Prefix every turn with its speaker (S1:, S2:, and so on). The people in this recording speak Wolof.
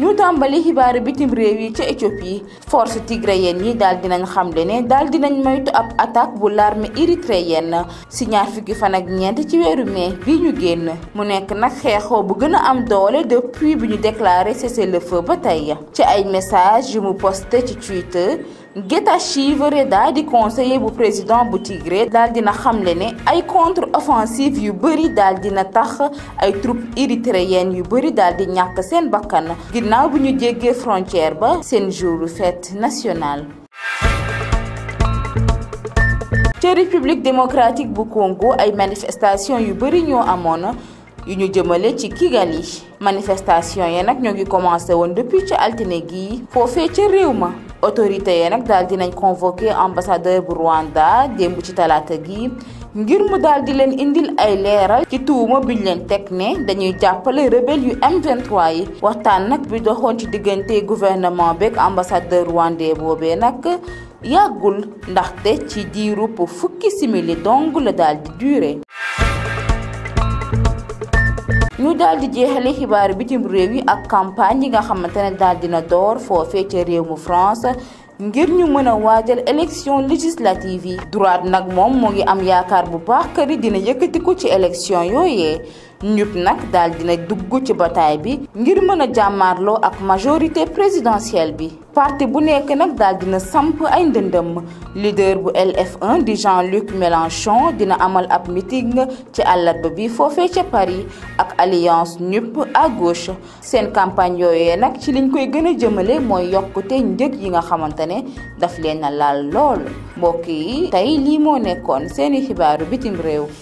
S1: ñu tàmbali xibaaru bitim réew yi ca Éthiopie force tigrayenne yi daal dinañ xamle ne daal dinañ moytu ab attaque bu l'armée érythréenne si ñaar fukki fan ak ñeent ci weeru mai bii ñu génn mu nekk nag xeexoo bu gën a am doole depuis bi ñu déclaré cessez le ba tey ci ay message yu mu posté ci Twitter. Getachew Reda di conseiller bu président bu Tigré daal dina xamle ne ay contre offensive yu bëri daal dina tax ay troupes érythréennes yu bari daal di ñàkk seen bakkan ginnaaw bu ñu jéggee frontière ba seen jouru fête nationale. ca république démocratique bu Congo ay manifestation yu bëri ñoo amoon. yu ñu jëmale ci Kigali manifestation yi nag ñoo ngi commencé woon depuis ca altine gii foofee ca réew ma autorité yee nag daal dinañ convoqué ambassadeur bu Rwanda démb ci talaata gi ngir mu daal di leen indil ay leeral ci tuuma biñ leen teg ne dañuy jàppale rebelle yu m yi waxtaan nag bi doxoon ci diggante gouvernement beeg ambassadeur rwandais boobee nag yàggul ndaxte ci diiru fukki simili dong la daal di duré. ñu daal di jeexale xibaar bitim réew yi ak campagne yi nga xamante ne daal dina door foofee ca réew mu France ngir ñu mën a waajal élection législative yi. droite nag moom mu ngi am yaakaar bu baax kër yi dina yëkkati ko ci élection yooyee. ñub nag daal dina dugg ci bataay bi ngir mën a jàmmaarloo ak majorité présidentielle bi partie bu nekk nag daal dina samp ay ndëndëm leader bu lf di Jean-Luc Mélenchon dina amal ab meeting ci àllarba bi foofee ca Paris ak alliance ñupp à seen campagne yooye nag ci liñ koy gën a jëmale mooy yokkute njëg yi nga xamante ne daf leen laal lool mbokk yi tey lii moo nekkoon seeni xibaaru bitim réew